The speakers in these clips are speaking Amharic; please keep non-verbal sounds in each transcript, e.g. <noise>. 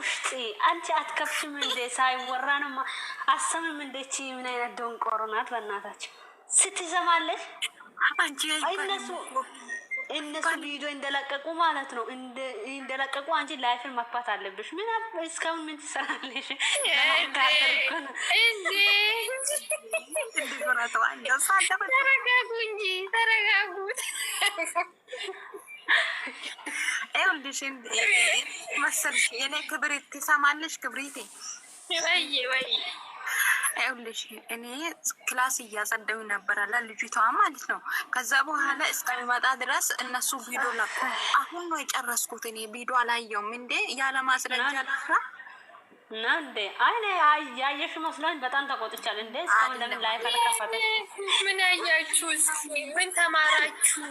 ውስጥ አንቺ አትከፍሽም እንዴ? ሳይወራ ነው አሰምም እንዴች? ምን አይነት ደንቆሮ ናት? በእናታቸው ስትሰማለች እነሱ እነሱ ቪዲዮ እንደለቀቁ ማለት ነው እንደለቀቁ አንቺ ላይፍን መግፋት አለብሽ። ምን እስካሁን ምን ትሰራለሽ? ተረጋጉ እንጂ ተረጋጉት ይኸውልሽ መሰልሽ የኔ ክብሪት ትሰማለሽ? ክብሪቴ ይኸውልሽ እኔ ክላስ እያጸደው ነበራላ ልጅቷ ማለት ነው። ከዛ በኋላ እስከሚመጣ ድረስ እነሱ ቪዲዮ ለቁ። አሁን ነው የጨረስኩት እኔ ቪዲዮ አላየውም እንዴ ያለ ማስረጃ እና እንዴ አይ ያየሽ መስሎኝ በጣም ተቆጥቻል። እንዴ እስካሁን ለምን ላይ ፈለከፈተ? ምን ያያችሁ? እስኪ ምን ተማራችሁ?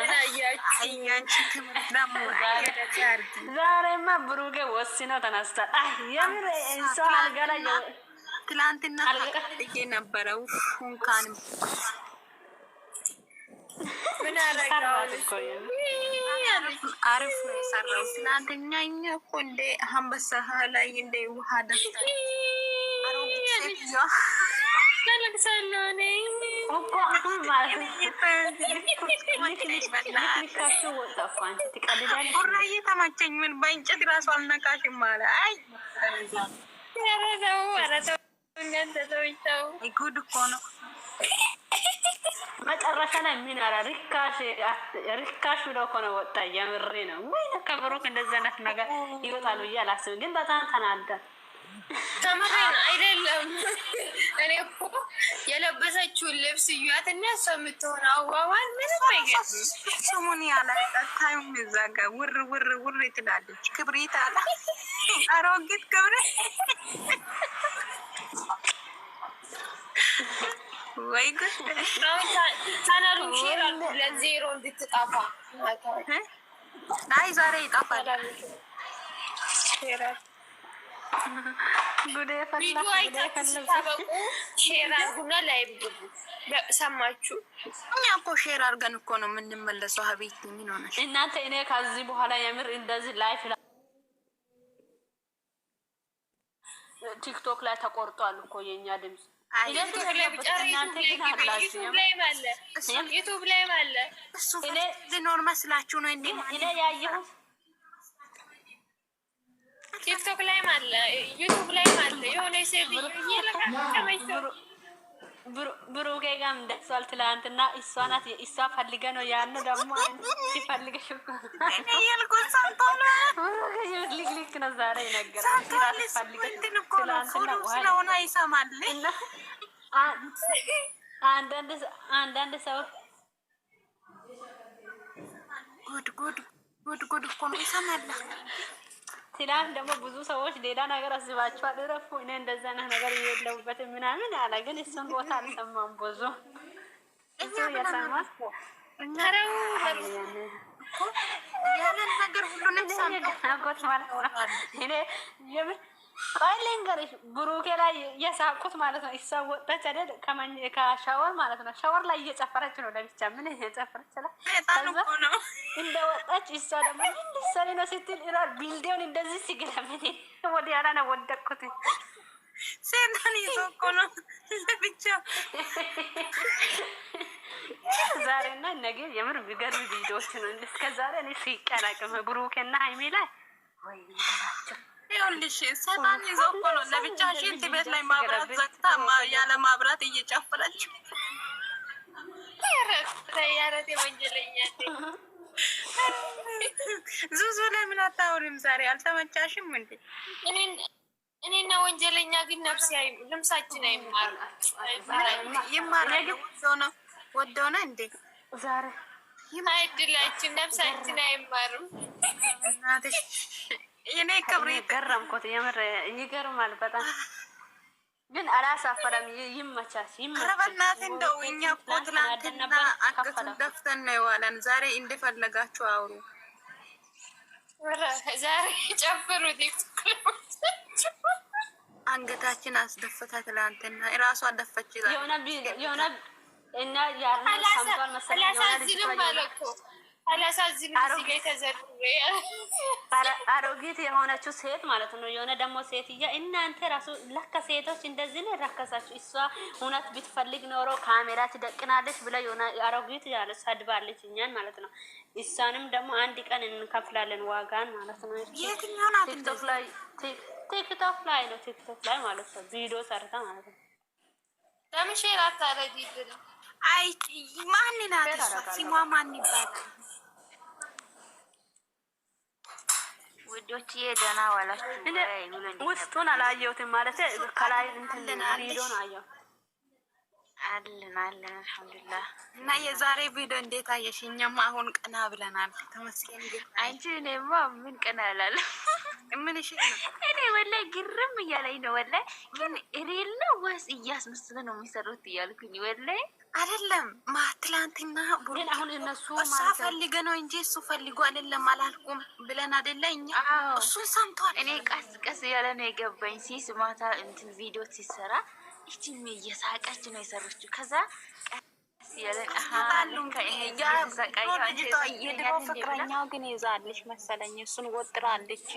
ምን ያያችሁ? ዛሬማ ብሩጌ ወስኖ ተነስቷል። አይ የምር ሰው አልጋ ላይ ትላንትና ነበረው እንኳን አሪፍ ነው የሰራው። ትናንትና እኛ እኮ እንደ አንበሳ ላይ እንደ ውሃ ደፍታ ተመቸኝ። ምን በእንጨት ራሱ አልነካሽም አለ። አይ ጉድ እኮ ነው። መጨረሻ ላይ ምን አለ ሪካሽ ብለው እኮ ነው ወጣ። እያምሬ ነው ወይ ከብሩክ እንደዚህ አይነት ነገር ይወጣሉ ብዬ አላስብም፣ ግን በጣም ተናዳ ተመራን አይደለም። እኔ እኮ የለበሰችውን ልብስ እዩያት እና እሷ የምትሆን አዋዋል ምንም አይገርም። ስሙን ያላጣት ታይሙን እዛ ውር ውር ውር ትላለች። ክብሪት አለ አሮጊት ክብሪት ወይ ጉድ! ሼር አይ ዛሬ ሼር ሰማችሁ? እኛ እኮ ሼር አድርገን እኮ ነው የምንመለሰው። ሀቤት ምን እናንተ? እኔ ከዚህ በኋላ የምር እንደዚህ ላይፍ ቲክቶክ ላይ ተቆርጧል እኮ የእኛ ድምፅ ዩቱብ ላይም አለ። እሱ ሊኖር መስላችሁ ነው? ቲክቶክ ላይም አለ፣ ዩቱብ ላይም አለ የሆነ ብሩኬ ጋም ደርሷል። ትላንትና እሷ ናት እሷ ፈልገ ነው ያን ደግሞ ሲፈልገሽ ልክ ነው። ዛሬ ነገር ይሰማል። አንዳንድ ሰው ጉድ ጉድ ጉድ ጉድ እኮ ነው ይሰማል። ትላል ደግሞ ብዙ ሰዎች ሌላ ነገር አስባችኋል፣ እረፉ። እኔ እንደዛ ነህ ነገር የለውበትም ምናምን አለ። ግን እሱን ቦታ አልሰማም። ብዙ እሱ የሰማ ያንን ነገር ሁሉ ነሳ ነው እኔ ሰማ ቆይ ልንገርሽ፣ ብሩኬ ላይ የሳቁት ማለት ነው። ይሳወጣች አይደል? ከሻወር ማለት ነው። ሻወር ላይ እየጨፈረች ነው። ለብቻ ምን እየጨፈረች ነው? እንደወጣች እሷ ደግሞ እንድሰሪ ነው ስትል ይላል። ቢልዲዮን እንደዚህ ሲገለምት ወዲያላ ነው ወደቅኩት። ሴጣን ይዞ እኮ ነው ለብቻ ዛሬና ነገ የምር ቢገርም ቪዲዮዎች ነው። እስከ ዛሬ እኔ ሲቀላቅም ብሩኬና ሀይሜ ላይ ወይ ናቸው ይኸውልሽ ሰይጣን ይዘው እኮ ነው ለብቻ ሽንት ቤት ላይ ማብራት ዘግታ ያለ ማብራት እየጨፈረች ወንጀለኛ ዙዙ ለምን አታውሪም? ዛሬ አልተመቻሽም እንዴ? እኔና ወንጀለኛ ግን ነፍስ ልምሳችን አይማር ወደሆነ እንዴ ዛሬ አይድላችን ነፍሳችን አይማርም። እኔ ክብሬ ገረምኩት። የምር ይገርማል በጣም ግን አላሳፈረም። ይመቻች እንደው እኛ እኮ ትናንትና ደፍተን ነው የዋለን። ዛሬ እንደፈለጋችሁ አውሩ። ዛሬ ጨፍሩ። አንገታችን አስደፍታ ትላንትና ይላል የሆነ እና ሰምቷል መሰለኝ ልጅ አሮጊት የሆነችው ሴት ማለት ነው። የሆነ ደግሞ ሴትያ እናንተ ራሱ ለካ ሴቶች እንደዚህ ነው የረከሳችሁ። እሷ እውነት ብትፈልግ ኖሮ ካሜራ ትደቅናለች ብላ የሆነ አሮጊት ያለ ሰድባለች እኛን ማለት ነው። እሷንም ደግሞ አንድ ቀን እንከፍላለን ዋጋን ማለት ነው። ቲክቶክ ላይ ቲክቶክ ላይ ነው ቲክቶክ ላይ ማለት ነው። ቪዲዮ ሰርታ ማለት ነው። ለምን ሼር አታረጊ? አይ ማን ናት? ሲሟ ማን ይባላል? ውዶች ደህና ዋላችሁ። ውስጡን አላየሁትም ማለት ከላይ እንትን ቪዲዮን አለን አለን አልሐምዱሊላህ። እና የዛሬ ቪዲዮ እንዴት አየሽ? እኛማ አሁን ቀና ብለናል። ተመስገን። አንቺ እኔማ ምን ቀና እላለሁ እኔ ወላሂ ግርም እያለኝ ነው። ወላሂ ግን ሪል ነው ወይስ እያስመሰለ ነው የሚሰሩት እያልኩኝ አይደለም አሁን እነሱ እሷ ፈልገ ነው እንጂ እሱ ፈልጎ አይደለም አላልኩም ብለን አይደለ እኛ እሱን ሰምቷል። እኔ ቀስ ቀስ እያለ ነው የገባኝ። ሲስ ማታ እንትን ቪዲዮ ሲሰራ እየሳቀች ነው ከዛ ፍቅረኛው ግን ይዛለች መሰለኝ እሱን ወጥራለች።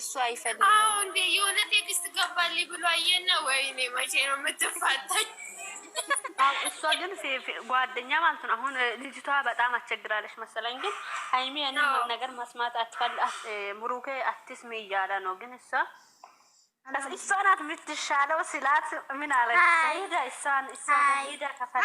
እሱ አይፈልግም። አዎ እንዴ የሆነ ቴክስት ገባልኝ ብሎ አየና፣ ወይኔ መቼ ነው የምትፋታኝ? እሷ ግን ጓደኛ ማለት ነው። አሁን ልጅቷ በጣም አስቸግራለች መሰለኝ። ግን ሀይሚ ያንን ነገር መስማት አትፈል ሙሩኬ አትስሚ እያለ ነው። ግን እሷ እሷ ናት የምትሻለው ስላት ምን አለ ሄዳ እሷን እሷ ሄዳ ከፈለ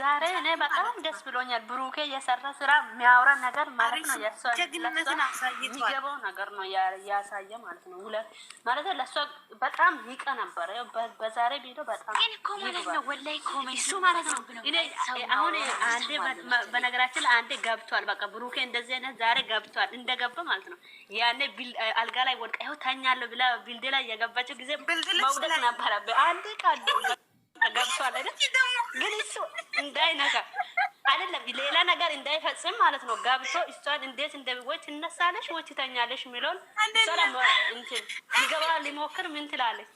ዛሬ እኔ በጣም ደስ ብሎኛል። ብሩኬ የሰራ ስራ የሚያወራ ነገር ማለት ነው የሚገባው ነገር ነው ያሳየ ማለት ነው። ማለት ለእሷ በጣም ይቀ ነበረ በዛሬ ቪዲዮ በጣም በነገራችን ላይ አንዴ ገብቷል። በቃ ብሩኬ እንደዚህ አይነት ዛሬ ገብቷል እንደገባ ማለት ነው። ያኔ አልጋ ላይ ወድቃ ይኸው ተኛለሁ ብላ ቢልድ ላይ የገባቸው ጊዜ መውደቅ ነበረ አንዴ ቃል ገብቷል አይደል? ግን እሱ እንዳይነካ አይደለም ሌላ ነገር እንዳይፈጽም ማለት ነው። ጋብቶ እሷን እንዴት እንደ ወይ ትነሳለሽ ወይ ትተኛለሽ የሚለውን እንትን ሊገባ ሊሞክር ምን ትላለች?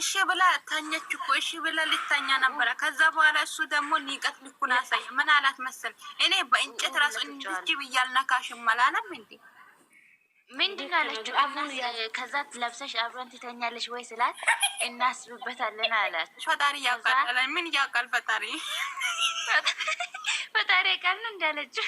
እሺ ብላ ታኘች እኮ እሺ ብላ ልታኛ ነበረ። ከዛ በኋላ እሱ ደግሞ ንቀት ልኩን አሳየ። ምን አላት መሰል እኔ በእንጨት ራሱ እንድች ብያልነካሽም አላለም እንዴ ምንድን ነው አለችው። ከዛ ለብሰሽ አብረን ትተኛለሽ ወይ ስላት <laughs> እናስብበታለን አላት። ፈጣሪ እያቃል ምን እያቃል ፈጣሪ <laughs> ፈጣሪ ቃል ነው እንዳለችው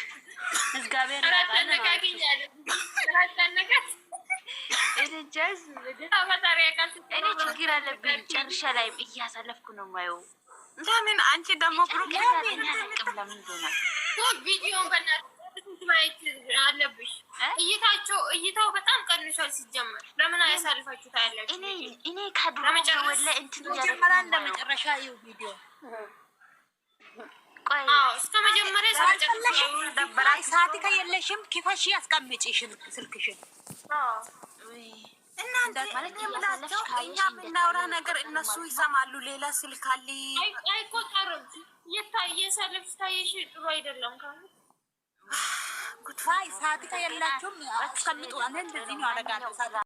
እግዚአብሔር <laughs> ችግር አለብኝ ጨርሻ ላይም እያሳለፍኩ ነው ለምን አንቺ ደግሞ ፕሮግራም ለምን ቪዲዮ አለብሽ እይታው በጣም ቀንሷል። ሲጀመር ለምን አያሳልፋችሁ ታያላችሁ? እኔ ከድሮ ወደ እንትን መጀመሪያ እንደ መጨረሻ ቪዲዮ እስከ መጀመሪያ ሰዓት ከየለሽም ኪፈሽ አስቀምጪ ስልክሽን። እናንተ የምላቸው እኛ የምናውራ ነገር እነሱ ይሰማሉ። ሌላ ስልክ አለ አይቆጠርም። የታየ ሰልፍ ታየሽ ጥሩ አይደለም። ሳትቀ የላቸውም አስቀምጡ። እኔ እንደዚህ ነው አደርጋለሁ።